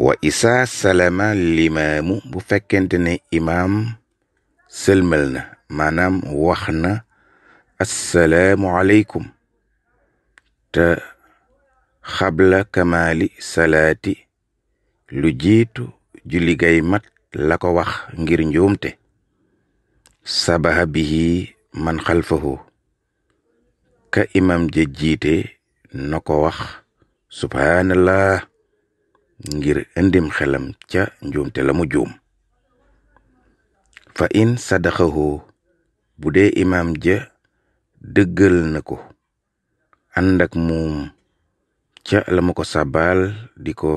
wa isa salama limaamu bu fekkente ne imaam sëlmal na maanaam wax na assalaamu aleykum te xabla kamaali salaati lu jiitu julli gay mat la ko wax ngir njuumte sabaha bihi man xalfahu ka imam ja jiite na ko wax subhaanallah ngir indim xelam ca njumte la mu juum fa in sadaxahu bu dee imaam ja dëggal na ko ànd ak moom ca la mu ko sabaal di ko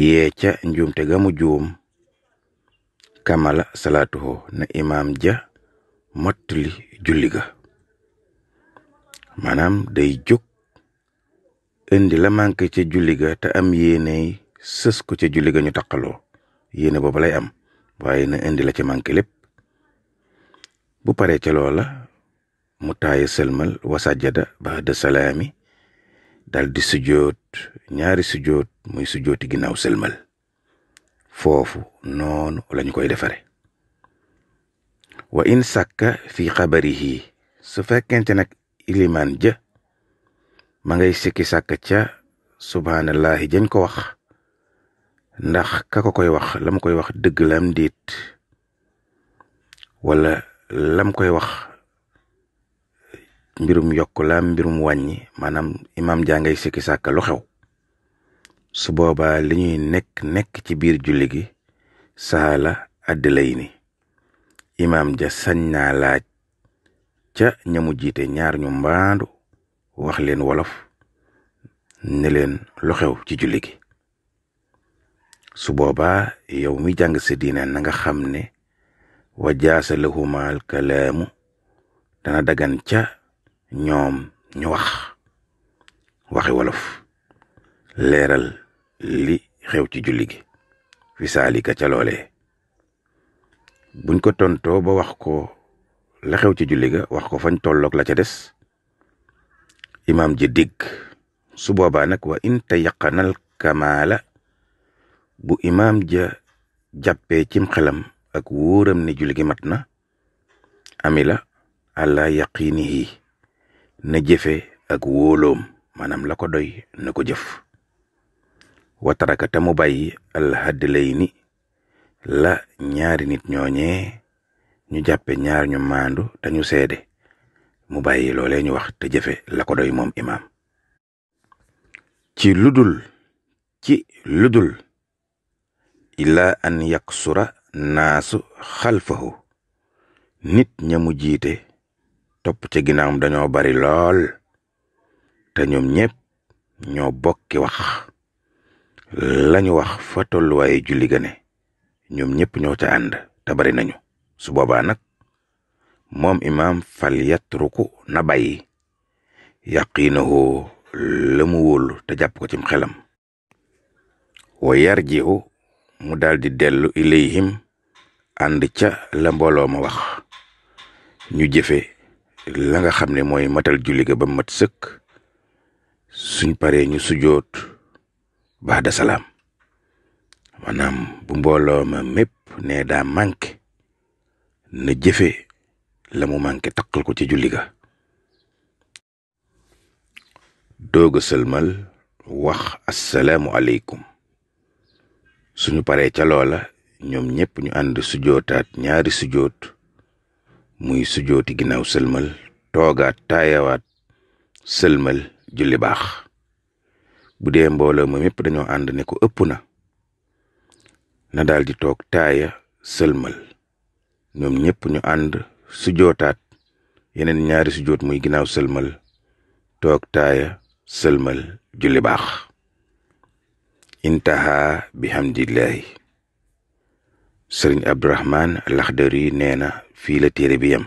yee ca njumte ga mu juum kamala salaatuhu na imaam ja matuli julli ga maanaam day jóg indi la manqué ca julli ga te am yéeney sës ko ca julli ga ñu taqaloo yéene boobu lay am waaye na indi la ca manqué lépp bu paree ca loola mu taaya sëlmal wasajada ba de salaami dal di sujjoot ñaari sujjoot muy sujjooti ginnaaw sëlmal foofu noonu lañu koy defare wa in sàkka fi xabarihi su fekkente nag ilimaan ja ma ngay sikki sàkk ca subhaanallaahi jañ ko wax ndax kako koy wax lam koy wax dëgg lam diit wala lam koy wax mbirum yokk la mbirum wàññi maanaam imaam jaa ngay sikki sàkk lu xew su boobaa li ñuy nekk nekk ci biir julli gi saala àdd lay ni imaam ja sañ laaj ca ñamu jiite ñaar ñu mbaandu wax leen wolof ne leen lu xew ci julli gi su boobaa yow mi jàng sa diine na nga xam ne wa jaasa lahumaal kalaamu dana dagan ca ñoom ñu wax waxe wolof leeral li xew ci julli gi fi saalika ca loolee buñ ko tonto ba wax ko la xew ci julli wax ko fañ tolloog la ca des imaam ji digg su boobaa nag wa in tayaqanal kamaala bu imaam ja jàppee cim xelam ak wóoram ne julli gi mat na amila àla yaqinihi na jëfe ak wóoloom maanaam la ko doy na ko jëf watarakata mu bàyyi alhadlayni la ñaari nit ñooñee ñu jàppe ñaar ñu maandu dañu seede mu bàyyi loolee ñu wax te jëfe la ko moom imaam ci ludul ci ludul illa an yaksura naasu xalfahu nit ña jiite topp ca ginnaawam dañoo bari lool te ñoom ñépp ñoo bokki wax lañu wax fa tolluwaaye julli gane ñoom ñépp ñoo ca ànd te bari nañu su boobaa nag moom imaam fal yatruku na bàyyi yaqiinahu la mu wóolu te jàpp ko cim xelam wa yarji'u mu daldi dellu ilayhim ànd ca la mbooloo ma wax ñu jëfe la nga xam ne mooy matal julli ga ba mat sëkk suñ paree ñu sujoot baada salaam maanaam bu mbooloo ma mépp ne daa manqué na jëfe la mu manqué ko ci julli ga doog wax sëlmal wax asalaamualeykum suñu paree ca loola ñoom ñépp ñu ànd sujootaat ñaari sujoot muy sujooti ginnaaw sëlmal toogaat taayawaat sëlmal julli baax bu dee mbooloo ma mépp dañoo ànd ne ko ëpp na na daldi toog taaya sëlmal ñoom ñépp ñu ànd sujootaat yeneen ñaari sujoot muy ginaaw sëlmal toog taaya sëlmal julli baax intaha bihamdillahi sëriñ abdurahman laxdari yi nee na fii la téere bi yam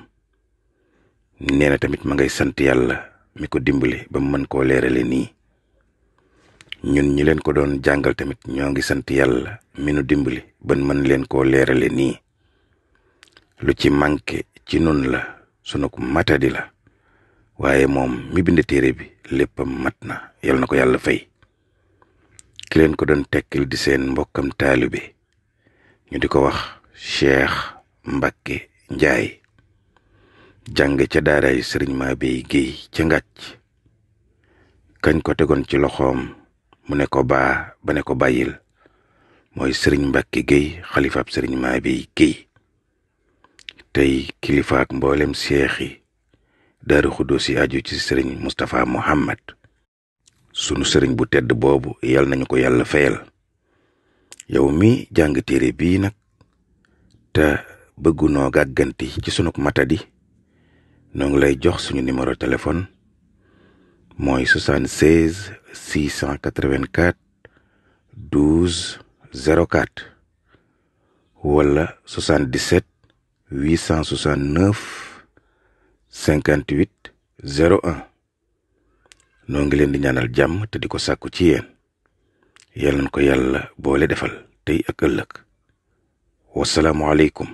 nee tamit ma ngay sant yàlla mi ko dimbale ba mu mën koo leerale nii ñun ñi leen ko doon jàngal tamit ñoo ngi sant yàlla mi nu dimbali ban man leen koo leerale nii lu ci manqué ci nun la sunu matadi la waaye moom mi bind téere bi léppam mat na yal na ko yàlla fay ki leen ko doon tekkil di seen mbokkam taalibe ñu di ko wax Cheikh Mbacke Njaay jàng ca daaray sëriñ Mabey Géy ca ngàcc kañ ko tegoon ci loxoom mu ne ko baa ba ne ko bàyyil mooy sëriñ Mbacke Géy xalifaab sëriñ Mabey Géy tey kilifaak mboolem seex yi daaru xuddoos yi aju ci sëriñ Moustapha Mohamed sunu sëriñ bu tedd boobu yal nañu ko yàlla fayal yow mi jàng téere bii nag te bëggunoo gàgganti ci sunuk matadi noo ngi lay jox suñu numéro téléphone mooy 76 684 12 04 wala 77 869 58 01 noo ngi leen di ñaanal jàmm te di ko sàkku ci yéen yal nañ ko yàlla boole defal tey ak ëllëg wasalaamualeykum